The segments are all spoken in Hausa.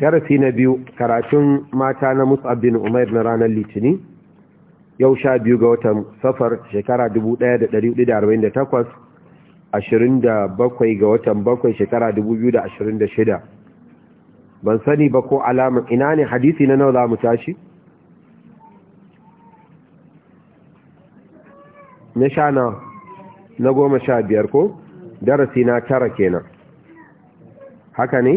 darasi na biyu karatun mata na mus'ab bin umair na ranar litini yau sha biyu ga watan safar shekara 1448 27 ga watan bakwai shekara 2026 ban sani ba ko alamun ina ne hadisi na nawa za mu tashi na sha na na goma sha biyar ko darasi na tara kenan haka ne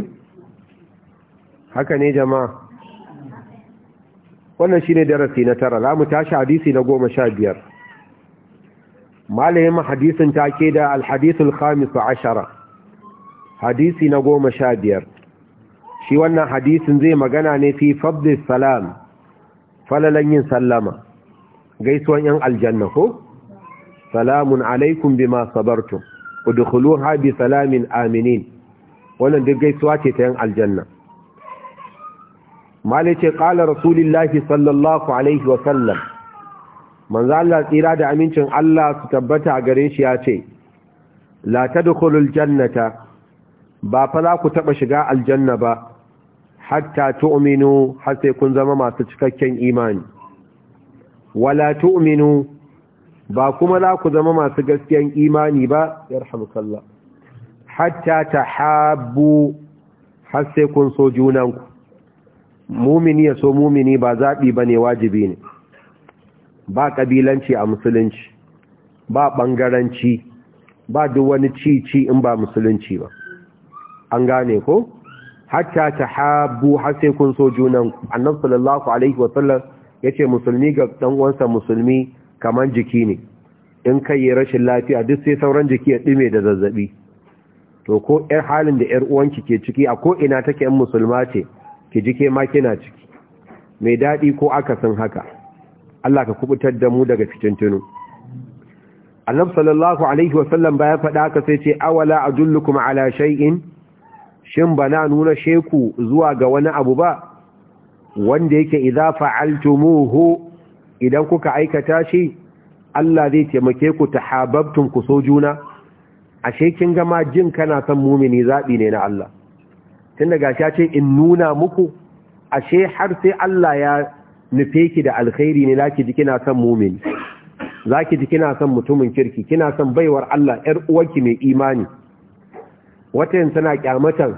haka ne jama'a wannan ne darasi na tara za mu tashi hadisi na goma sha biyar malayin hadisin take da alhadisul khamis ashara hadisi na goma sha biyar shi wannan hadisin zai magana ne fi fabdis salam falalan yin sallama gaisuwan yan aljanna ko salamun alaikum bima sabartum udkhuluha bi salamin aminin wannan duk gaisuwa ce ta yan aljanna malai ce ƙala rasulillahi sallallahu alaihi wasallam manzo Allah tsira da amincin Allah su tabbata a gare shi ya ce la tadkhulul jannata ba fa za ku taɓa shiga aljanna ba hatta tu'minu har sai kun zama masu cikakken imani wala tu'minu ba kuma za ku zama masu gaskiyan imani ba yarhamukallah hatta tahabbu har sai kun so junanku mumini ya so mumini ba zaɓi ba ne wajibi ne ba ƙabilanci a musulunci ba ɓangaranci ba duk wani cici in ba musulunci ba an gane ko hatta ta habu har sai kun so junanku annabi sallallahu alaihi wasallam ya ce musulmi ga ɗan'uwansa musulmi kamar jiki ne in kai yi rashin lafiya duk sai sauran jiki ya ɗume da zazzaɓi to ko ‘yar halin da ‘yar uwanki ke ciki a ko'ina take ‘yan musulma ce’ ki ji ke ma kina ciki mai daɗi ko aka san haka Allah ka kubutar da mu daga fitintunu annab sallallahu alaihi wasallam ya faɗa ka sai ce awala ajullukum ala shay'in shin bana nuna sheku zuwa ga wani abu ba wanda yake idza fa'altumuhu idan kuka aikata shi Allah zai taimake ku tahabbtum ku so juna ashe kin ga ma jin kana son mumini zabi ne na Allah tun da gashi ce in nuna muku ashe har sai Allah ya nufe ki da alkhairi ne ki ji kina son mumin zaki ji kina son mutumin kirki kina son baiwar Allah yar uwarki mai imani wata yin tana kyamatan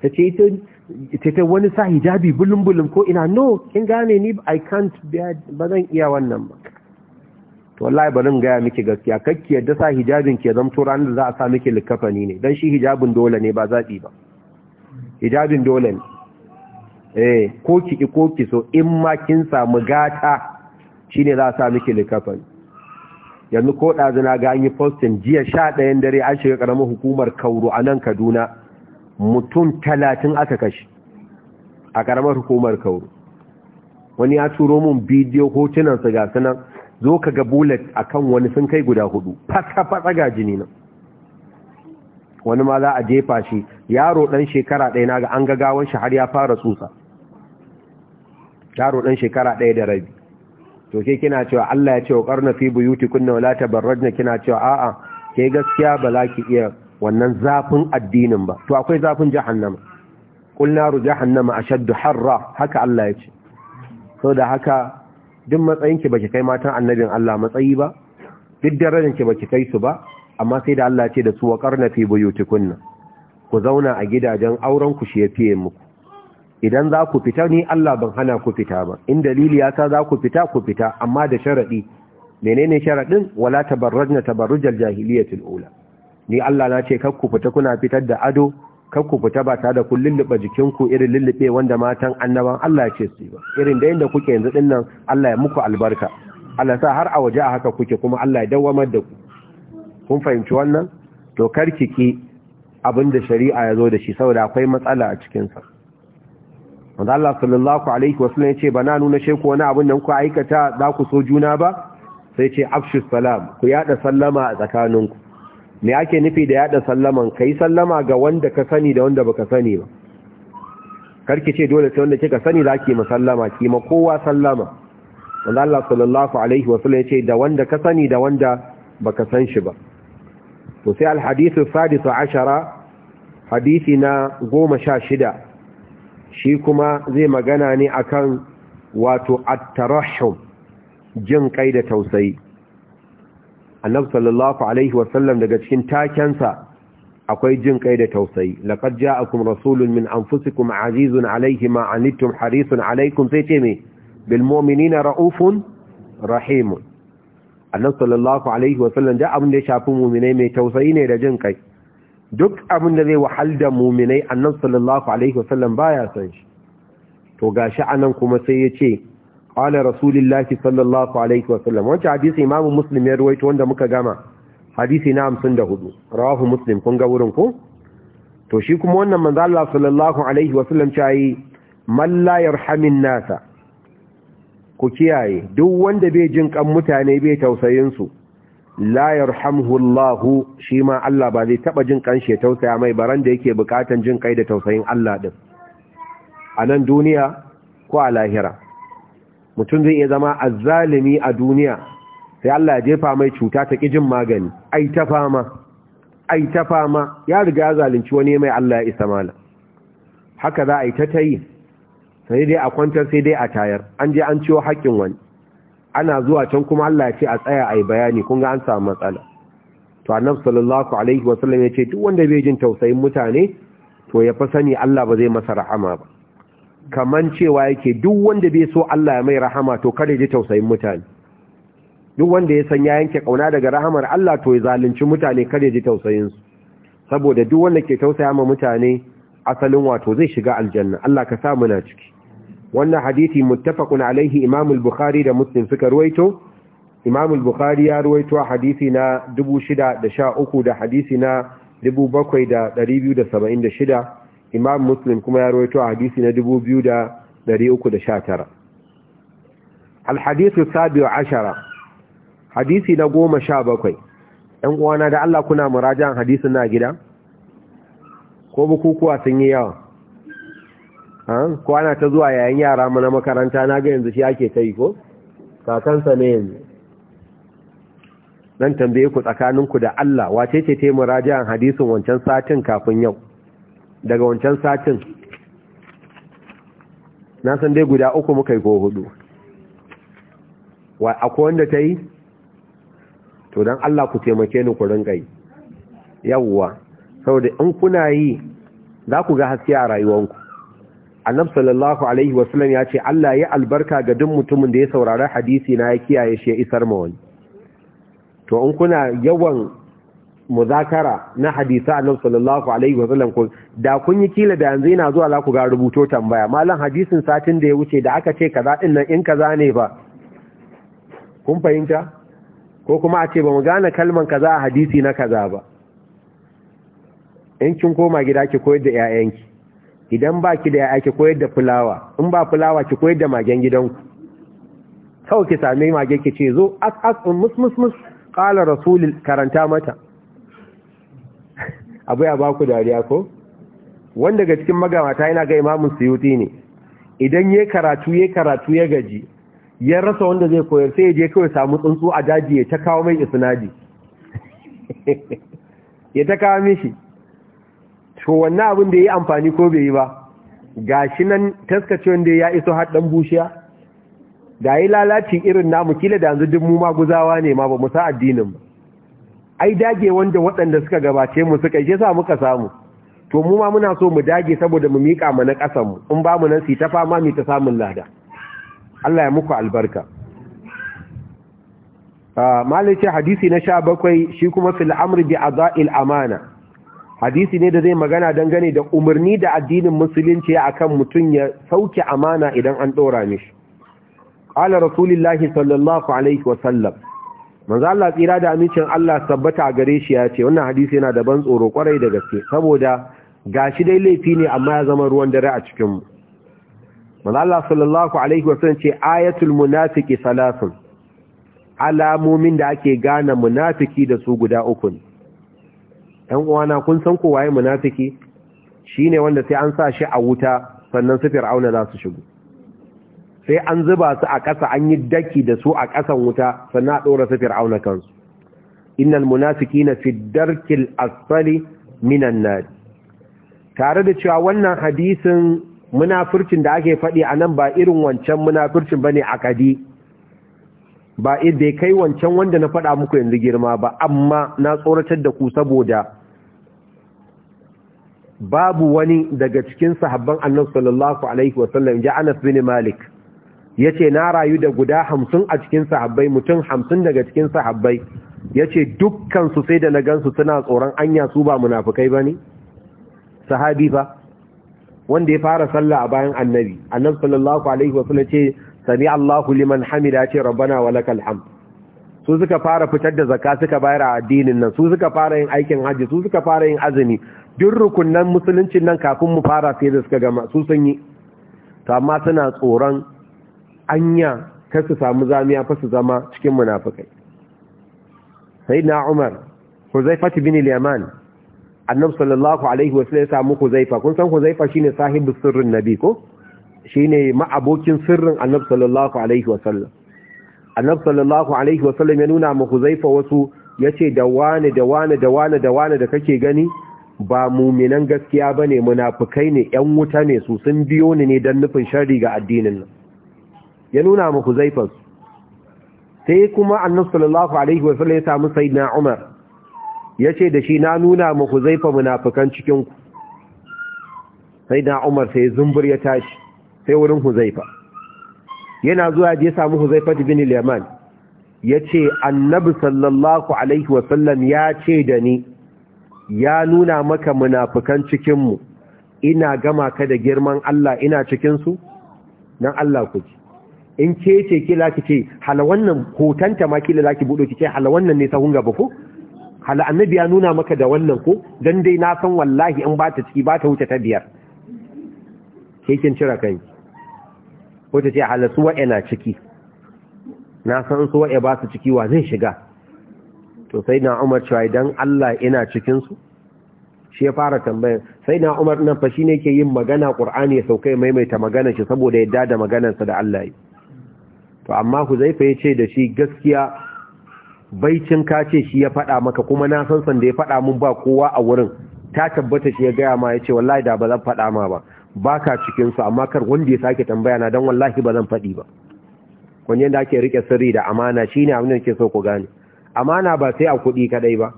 ta ce ita ta wani sa hijabi bulumbulum ko ina no kin gane ni I can't ba zan iya wannan ba to wallahi nan gaya miki gaskiya kakki yadda sa hijabin ke zamto ranar da za a sa miki likafani ne dan shi hijabin dole ne ba zaɓi ba ijabin dole ne eh ko ki ki ko ki so in ma kin samu gata shine za a sa miki likafin yanzu ko ɗazina ga an yi jiya sha ɗayan dare an shiga ƙaramin hukumar kauru a nan kaduna mutum talatin aka kashe a karamar hukumar kauru wani ya turo mun bidiyo hotunan su ga sanan zo ka ga bullet akan kan wani sun kai guda hudu fata-fata ga jini nan wani ma za a jefa shi yaro ɗan shekara ɗaya na ga an gagawan shi har ya fara tsutsa yaro ɗan shekara ɗaya da rabi to ke kina cewa Allah ya ce wa karna fi kunna wala tabarrajna kina cewa a'a ke gaskiya ba za ki iya wannan zafin addinin ba to akwai zafin jahannama qul naru jahannama ashaddu harra haka Allah ya ce da haka duk matsayin ki baki kai matan annabin Allah matsayi ba duk ki baki kai su ba amma sai da Allah ya ce da su wa karna fi kunna. ku zauna a gidajen auren ku shi ya fiye muku idan za ku fita ni Allah ban hana ku fita ba in dalili ya sa za ku fita ku fita amma da sharaɗi. menene sharaɗin? wala tabarrajna tabarrujal jahiliyatul ula ni Allah na ce kar ku fita kuna fitar da ado kar ku fita ba tare da kun jikin jikinku irin lullube wanda matan annaban Allah ya ce su ba irin da yanda kuke yanzu din nan Allah ya muku albarka Allah sa har a waje a haka kuke kuma Allah ya dawwamar da ku kun fahimci wannan to ki. abinda shari'a ya zo da shi saboda akwai matsala a cikinsa wanda Allah sallallahu alaihi wasallam ya ce ba na nuna sheku wani abin da kuka aikata za ku so juna ba sai ce afshu salam ku yada sallama a tsakaninku me ake nufi da yada sallaman kai sallama ga wanda ka sani da wanda baka sani ba karki ce dole sai wanda kika sani za ki masallama ki ma kowa sallama wanda Allah sallallahu alaihi wasallam ya ce da wanda ka sani da wanda baka san shi ba to sai alhadithu sadisu ashara hadisi na goma sha shida shi kuma zai magana ne akan wato attarahum jin kai da tausayi annabi sallallahu alaihi wasallam daga cikin takensa akwai jin kai da tausayi laqad ja'akum rasulun min anfusikum azizun alayhi ma anittum harisun alaykum sai ce me bil raufun rahimu. annabi sallallahu alaihi wasallam da abin da ya shafi mu'minai mai tausayi ne da jin kai duk abin da zai wahal da mu'minai annabi sallallahu alaihi wasallam ya san shi to gashi anan kuma sai ya ce qala rasulullahi sallallahu alaihi wasallam Wancan hadisi imamu muslim ya ruwaito wanda muka gama hadisi na hamsin da hudu rawahu muslim kun ga wurin ku? to shi kuma wannan manzo Allah sallallahu alaihi wasallam a yi mallayar hamin nasa ku kiyaye duk wanda bai jin kan mutane bai tausayin su la yarhamuhu shi ma Allah ba zai taba jin kan shi tausaya mai baran da yake bukatan jin kai da tausayin Allah din a nan duniya ko a lahira mutum zai iya zama azzalimi a duniya sai Allah ya jefa mai cuta ta jin magani ai ta fama ai ta fama ya riga zalunci wani mai Allah ya isa mala haka za a yi ta tayi sai dai a kwantar sai dai a tayar an je an ciwo haƙƙin wani ana zuwa can kuma Allah ya ce a tsaya a yi bayani kun ga an samu matsala to annabi sallallahu alaihi wasallam ya ce duk wanda bai jin tausayin mutane to ya fa sani Allah ba zai masa rahama ba kaman cewa yake duk wanda bai so Allah ya mai rahama to kada ji tausayin mutane duk wanda ya san ya yanke kauna daga rahamar Allah to ya zalunci mutane kada ji tausayin su saboda duk wanda ke tausaya ma mutane asalin wato zai shiga aljanna Allah ka sa mu na ciki wannan hadisi muttafaqun alaihi imam al-bukhari da muslim suka ruwaito imam al-bukhari ya ruwaito hadisi na 6013 da hadisi na 7276 imam muslim kuma ya ruwaito hadisi na 2319 al-hadithu sabi'u ashara hadisi na 17 yan uwana da Allah kuna murajan hadisin na gida ko bukukuwa sun yi yawa kwana ta zuwa yayin yara mana na makaranta na ga yanzu shi ake ta yi ko kakansa ne yanzu nan tambaye ku tsakaninku da Allah wace ce ta murajian hadisin wancan satin kafin yau daga wancan satin na san dai guda uku muka yi ko hudu wa akwai wanda ta yi to don Allah ku taimake ni ku rinka yi yawwa saboda in kuna yi za ku ga haske a rayuwanku annab sallallahu alaihi wasallam ya ce Allah ya albarka ga duk mutumin da ya saurari hadisi na ya kiyaye shi ya isar ma wani to in kuna yawan muzakara na hadisa annab sallallahu alaihi wasallam ko da kun yi kila da yanzu yana zuwa za ku ga rubuto tambaya malam hadisin satin da ya wuce da aka ce kaza din nan in kaza ne ba kun fahimta ko kuma a ce ba mu gane kalman kaza a hadisi na kaza ba in kin koma gida ki koyar da 'ya'yanki idan ba ki da ya ake koyar da fulawa in ba fulawa ki koyar da magen gidanku kawai ki sami mage ki ce zo as as in um, mus mus mus kala rasuli karanta mata abu ya baku dariya ko wanda daga cikin magamata yana ga imamu suyuti ne idan ya karatu ya karatu ya gaji ya rasa wanda zai koyar sai ya je kawai samu tsuntsu a daji ya ta kawo mai isnadi ya ta kawo mishi to wannan abin da ya yi amfani ko bai yi ba Ga shi nan taskace wanda ya iso haɗin bushiya da yi lalacin irin namu kila da yanzu duk mu ma guzawa ne ma ba mu sa addinin ba ai dage wanda waɗanda suka gabace mu suka yi sa muka samu to mu ma muna so mu dage saboda mu miƙa mu na ƙasar mu in ba mu nan si ta fama mi ta samun lada Allah ya muku albarka ah, malai ce hadisi na sha bakwai shi kuma fil amri bi a amana hadisi ne da zai magana dangane da umarni da addinin musulunci akan mutum ya sauke amana idan an dora mishi Ƙala rasulullahi sallallahu alaihi wa sallam manzo Allah tsira da amincin Allah sabbata gare shi ya ce wannan hadisi yana da ban tsoro kwarai da gaske saboda gashi dai laifi ne amma ya zama ruwan dare a cikin mu sallallahu alaihi wa sallam ce ayatul munafiqi salasun alamomin da ake gane munafiki da su guda uku ne ‘yan uwana kun san kowa ya munafiki shi ne wanda sai an sa shi a wuta sannan su fir'auna za su shigo sai an zuba su a ƙasa an yi daki da su a ƙasan wuta sannan a ɗora su fir'auna kansu innal munafiki na fiddarkil asfali minan nari tare da cewa wannan hadisin munafircin da ake faɗi a nan ba irin wancan munafircin ba ne a kadi ba bai kai wancan wanda na faɗa muku yanzu girma ba amma na tsoratar da ku saboda babu wani daga cikin sahabban annabi sallallahu alaihi wasallam ja Anas bin Malik yace na rayu da guda 50 a cikin sahabbai mutum 50 daga cikin sahabbai yace dukkan su sai da na gansu suna tsoron anya su ba munafikai bane sahabi fa wanda ya fara sallah a bayan annabi annabi sallallahu alaihi wasallam ce sami Allahu liman hamida ce rabbana lakal hamd su suka fara fitar da zakka suka bayar a addinin nan su suka fara yin aikin haji su suka fara yin azumi duk rukunan musuluncin nan kafin mu fara sai da suka gama su sun yi to amma suna tsoron anya kar su samu zamiya fa su zama cikin munafikai na umar huzaifat bin al-yaman annabi sallallahu alaihi sallam ya samu huzaifa kun san huzaifa shine sahibi sirrin nabi ko shine ma'abokin sirrin annabi sallallahu alaihi wa sallam. annabi sallallahu alaihi wa sallam ya nuna mu huzaifa wasu yace da wani da wane da wane da wane da kake gani ba muminan gaskiya ba ne munafukai ne ‘yan wuta ne su sun biyo ni ne don nufin shari ga addinin nan ya nuna muku zaifas sai kuma annan sallallahu alaihi wasallam ya samu sai na umar ya ce da shi na nuna muku zaifa munafukan cikinku sai na umar sai zumbur ya tashi sai wurin huzaifa yana zuwa je samu huzaifa bini liman ya ce annabi sallallahu alaihi wasallam ya ce da ni ya nuna maka munafukan cikinmu ina gama ka da girman Allah ina cikinsu nan Allah ku ji in ke ce kila ki ce hala wannan hotanta ma kila laki budo ki ce hala wannan ne sahun gaba ko hala annabi ya nuna maka da wannan ko dan dai na san wallahi in ba ta ciki ba ta wuce ta biyar ke kin cira kai ko ta ce hala su wa'e ciki na san su wa'e ba su ciki wa zai shiga to sai na umar cewa idan Allah ina cikinsu shi ya fara tambayar sai na umar nan fa shi ne ke yin magana ƙur'ani ya saukai maimaita magana shi saboda yadda da maganarsa da Allah yi to amma ku zai fa ya ce da shi gaskiya baicin ka ce shi ya faɗa maka kuma na san san da ya faɗa mun ba kowa a wurin ta tabbata shi ya gaya ma ya ce wallahi da ba zan faɗa ma ba Baka ka cikinsu amma kar wanda ya sake tambaya na don wallahi ba zan faɗi ba kun yadda ake rike sirri da amana shine abin da ke so ku gane amana ba sai a kuɗi kaɗai ba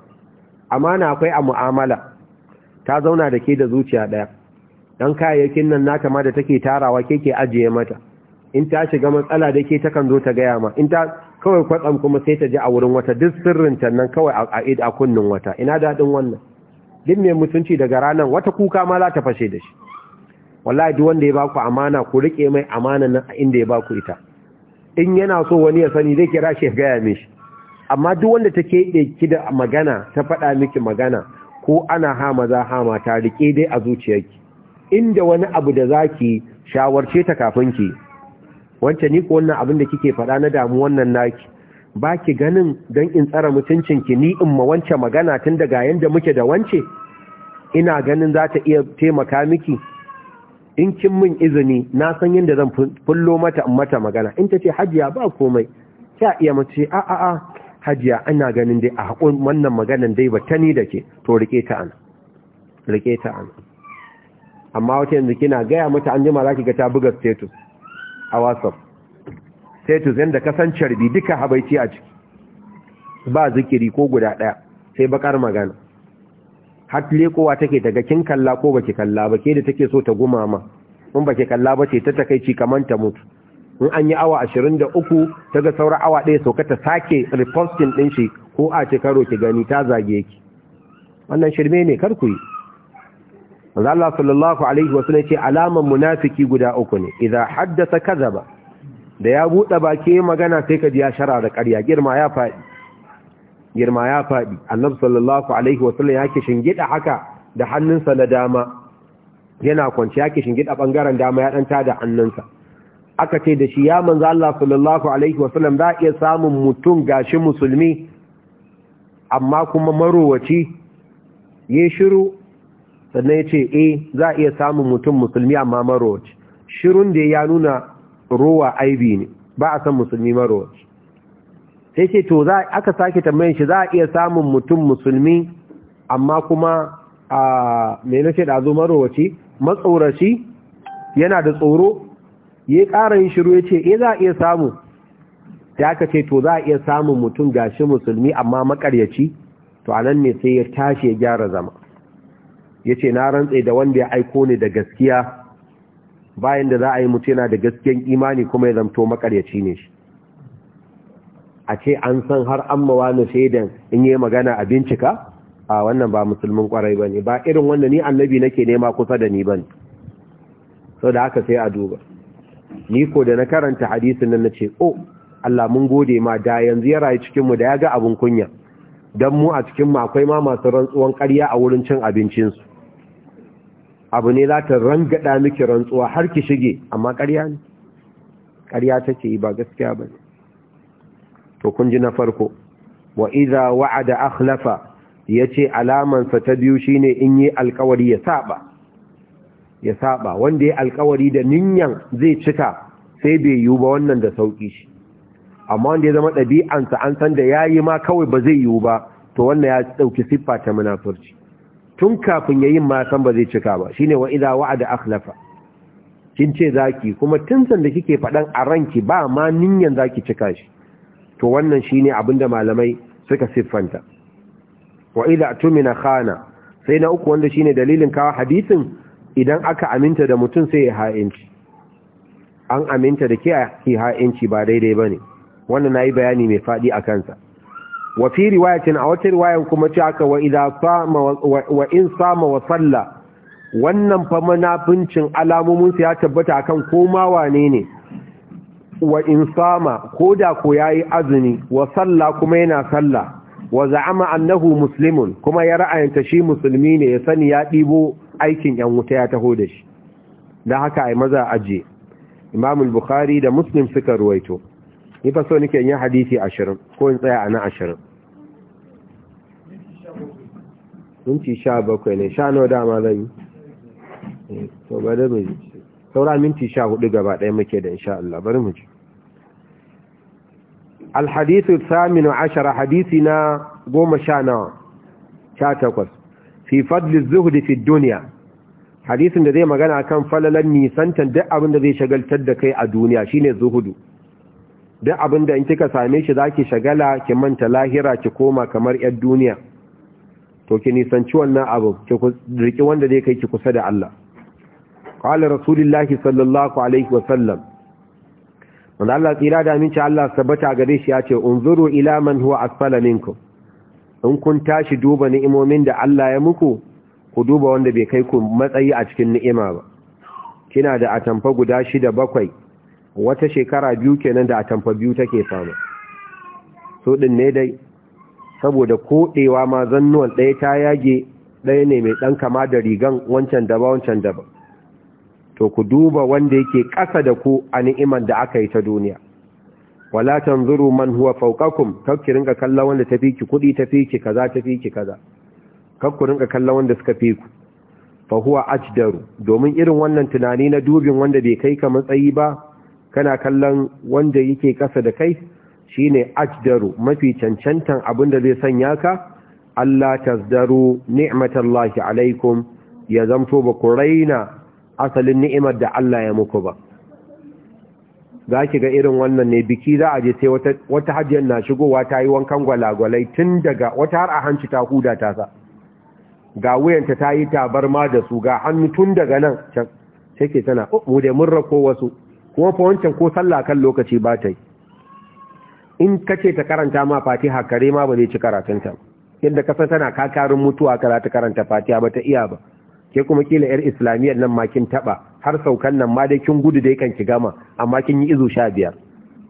amana akwai a mu'amala ta zauna da ke da zuciya ɗaya don kayayyakin nan nata ma da take tarawa ke ke ajiye mata in ta shiga matsala da ke takan zo ta gaya ma in ta kawai kwatsam kuma sai ta ji a wurin wata duk sirrin nan kawai a id a kunnin wata ina daɗin wannan duk mai mutunci daga ranar wata kuka ma za ta fashe da shi wallahi duk wanda ya baku amana ku rike mai amana nan inda ya baku ita in yana so wani ya sani zai kira shi ya gaya mishi amma duk wanda take keɓe ki da magana ta faɗa miki magana ko ana hama za hama ta rike dai a zuciyarki inda wani abu da za ki shawarce ta kafin ki wancan ni ko wannan abin da kike faɗa na damu wannan naki ba ki ganin don in tsara mutuncinki ni in ma wance magana tun daga yadda muke da wance ina ganin za ta iya taimaka miki in kin min izini na san yadda zan fullo mata in mata magana in ta ce hajiya ba komai ta iya mace a a a hajiya ana ganin dai a haƙon wannan maganan dai ba ta ni da ke to rike ta ana rike ta ana amma wata yanzu kina gaya mata an jima za ki ga ta buga status a whatsapp status yadda kasancar bi duka habaici a ciki ba zikiri ko guda ɗaya sai bakar magana har lekowa take daga kin kalla ko baki kalla ba ke da take so ta gumama in baki kalla ba ce ta takaici kamar ta mutu in an yi awa 23 ta ga saura awa ɗaya sauka ta sake reposting ɗin shi ko a ce karo ki gani ta zage ki wannan shirme ne kar ku yi wanzu Allah sallallahu alaihi wasallam ce alaman munafiki guda uku ne idan haddasa kazaba da ya buɗe baki magana sai ka ji ya shara da ƙarya girma ya faɗi girma ya faɗi annabi sallallahu alaihi ya yake shingida haka da hannunsa na dama yana kwanci yake shingida ɓangaren dama ya ɗanta tada hannunsa aka ce da shi ya manzo Allah sallallahu alaihi wasallam za iya samun mutum gashi musulmi amma kuma marowaci ya shiru sannan ya ce eh za iya samun mutum musulmi amma marowaci shirun da ya nuna rowa aibi ne ba a san musulmi marowaci sai ce to za aka sake tambayar shi za a iya samun mutum musulmi amma kuma a me ce da zo marowaci matsoraci yana da tsoro ya ƙara yin shiru ya ce e za a iya samu da aka ce to za a iya samun mutum gashi musulmi amma makaryaci to a nan ne sai ya tashi ya gyara zama ya ce na rantse da wanda ya aiko ni da gaskiya bayan da za a yi mutu yana da gaskiyan imani kuma ya zamto makaryaci ne shi a ce an san har an na shaidan in yi magana a bincika a wannan ba musulmin kwarai ba ne ba irin wanda ni annabi nake nema kusa da ni ba ne sau da haka sai a duba ni ko da na karanta hadisin nan nace oh Allah mun gode ma da yanzu ya rayu cikin mu da ya ga abun kunya dan mu a cikin mu akwai ma masu rantsuwan ƙarya a wurin cin abincin su abu ne za ta rangada miki rantsuwa har ki shige amma ƙarya ne ƙarya take yi ba gaskiya ba to kun ji na farko wa idza wa'ada akhlafa yace alaman sa ta biyu shine in yi alƙawari ya saba ya saba wanda ya alkawari da ninyan zai cika sai bai yiwu ba wannan da sauki shi amma wanda ya zama ɗabi'ansa an san da ya yi ma kawai ba zai yiwu ba to wannan ya dauki siffa ta munafurci tun kafin yi ma san ba zai cika ba shine wa idza wa'ada akhlafa kin ce zaki kuma tun san da kike faɗan a ranki ba ma ninyan zaki cika shi to wannan shine abinda malamai suka siffanta wa idza tumina khana sai na uku wanda shine dalilin kawo hadisin idan aka aminta da mutum sai ya ha'inci an aminta da ke ha'inci ba daidai ba ne wannan na yi bayani mai faɗi a kansa wa fi riwayatin a wata riwayan kuma ce aka wa in sama wa tsalla wannan fa manafincin alamominsu ya tabbata akan koma wane ne wa in sama ko da ko ya yi azumi wa tsalla kuma yana tsalla wa za'ama annahu musulmin kuma ya ra'ayanta shi musulmi ne ya sani ya ɗibo aikin yan wuta ya taho da shi da haka ai maza aje Imamul bukhari da muslim suka ruwaito ni fa so nake yin hadisi 20 ko in tsaya ana 20 minti 17 ne sha nawa dama zan yi eh, to da saura minti 14 gaba ɗaya muke da insha Allah bari mu ji الحديث الثامن عشر حديثنا قوم شانا شاتكوس fi fadli zuhdi fi duniya hadisin da zai magana kan falalan nisantan duk abin da zai shagaltar da kai a duniya shine zuhudu duk abin da in kika same shi zaki shagala ki manta lahira ki koma kamar yar duniya to ki nisanci wannan abu ki riki wanda zai kai ki kusa da Allah qala rasulullahi sallallahu alaihi wa sallam wanda Allah tsira da ci Allah sabata gare shi ya ce unzuru ila man huwa asfala minkum in kun tashi duba ni'imomin da Allah ya muku ku duba wanda bai kai ku matsayi a cikin ni'ima ba kina da atamfa guda shida bakwai wata shekara biyu kenan da atamfa biyu take samu so din ne dai saboda kodewa ma zannuwan ɗaya ta yage ɗaya ne mai ɗan kama da rigan wancan daba wancan daba to ku duba wanda yake ƙasa da ku a ni'imar da aka yi ta duniya wala tanzuru man huwa fawqakum kakki rinka kalla wanda tafi ki kudi tafi ki kaza tafi ki kaza kakku rinka kalla wanda suka fi ku fa huwa ajdaru domin irin wannan tunani na dubin wanda bai kai ka matsayi ba kana kallon wanda yake kasa da kai shine ajdaru mafi cancantan abin da zai sanya ka Allah tazdaru ni'matallahi alaikum ya zamto ba ku raina asalin ni'imar da Allah ya muku ba za ki ga irin wannan ne biki za a je sai wata hajjiyar na shigowa ta yi wankan gwalagwalai tun daga wata har a hanci ta huda ta sa ga wuyanta ta yi tabarma da su ga hannu tun daga nan can sai ke tana oh, mu da mun rako wasu kuma fa wancan ko sallah kan lokaci ba ta yi in kace ta karanta ma fatiha kare ma ba zai ci karatunta yadda kasan tana kakarin mutuwa kara karanta fatiha ba ta iya ba ke kuma kila yar islamiyyar nan ma taba har saukan nan ma dai kin gudu da kan ki gama amma kin yi izu sha biyar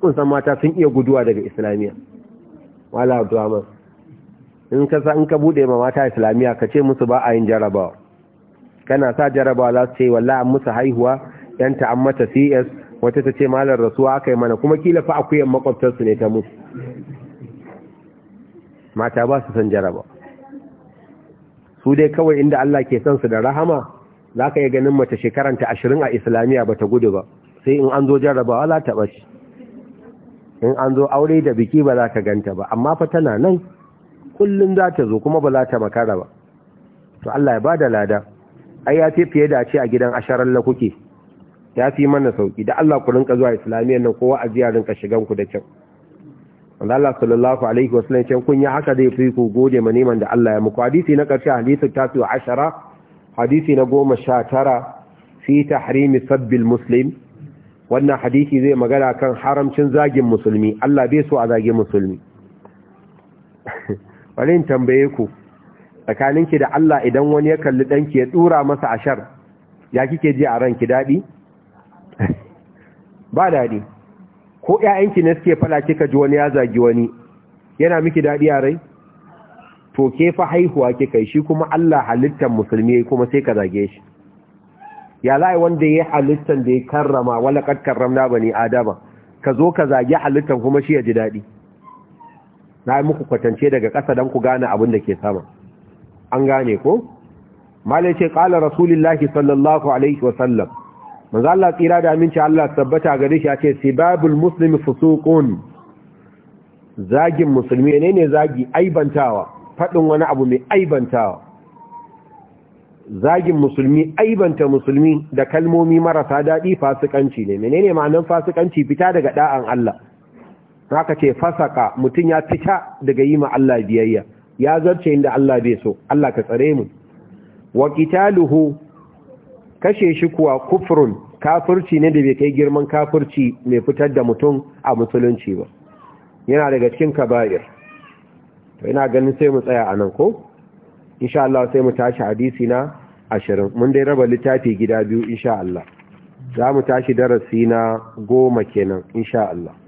kun san mata sun iya guduwa daga islamiyya wala abdurrahman in ka sa in ka bude ma mata islamiyya ka ce musu ba a yin jarabawa kana sa jarabawa za su ce wallahi an musu haihuwa yan ta an mata cs wata ta ce malar rasuwa aka yi mana kuma kila fa akuyan makwabtarsu ne ta musu mata ba su san jaraba su dai kawai inda Allah ke son su da rahama za ka yi ganin mace shekaranta ashirin a islamiyya ba ta gudu ba sai in an zo jarrabawa za ta ɓace in an zo aure da biki ba za ka ganta ba amma fa tana nan kullum za ta zo kuma ba za ta makara ba to Allah ya ba da lada ai ya fi fiye da ce a gidan asharar la kuke ya fi mana sauki da Allah ku rinka zuwa islamiyyar nan kowa a ziyarar ka shigan ku da kyau wanda Allah sallallahu alaihi wasallam ce kun yi haka zai fi ku gode ma neman da Allah ya muku hadisi na karshe hadisi ta fi ashara hadisi na goma sha tara fi tahrimi sabbil muslim wannan hadisi zai magana kan haramcin zagin musulmi Allah bai so a zage musulmi wani tambaye ku tsakaninki da Allah idan wani ya kalli danki ya dura masa ashar ya kike ji a ranki dadi ba dadi ko ƴaƴanki ne suke fada kika ji wani ya zagi wani yana miki dadi a rai to ke fa haihuwa kika shi kuma Allah halittar musulmi kuma sai ka zage shi ya lai wanda ya yi halittar da ya karrama wala kad na bani adama ka zo ka zagi halittar kuma shi ya ji daɗi na yi muku kwatance daga ƙasa don ku gane abin da ke sama an gane ko malai ce ƙala rasulillahi sallallahu alaihi wasallam manzo Allah tsira da aminci Allah tabbata gare shi ya ce sibabul muslimi fusuqun zagin musulmi ne ne zagi aibantawa faɗin wani abu mai aibantawa zagin musulmi aibanta musulmi da kalmomi marasa daɗi fasikanci ne menene ma'anar fasikanci fita daga da'an Allah haka ce fasaka mutum ya fita daga yi ma Allah biyayya ya zarce inda Allah bai so Allah ka tsare mu wa qitaluhu kashe shi kuwa kufrun kafirci ne da bai kai girman kafirci mai fitar da mutum a musulunci ba yana daga cikin kaba'ir to ina ganin sai mu tsaya anan ko insha Allah sai mu tashi hadisi na ashirin mun dai raba littafi gida biyu insha Allah za mu tashi darasi na goma kenan insha Allah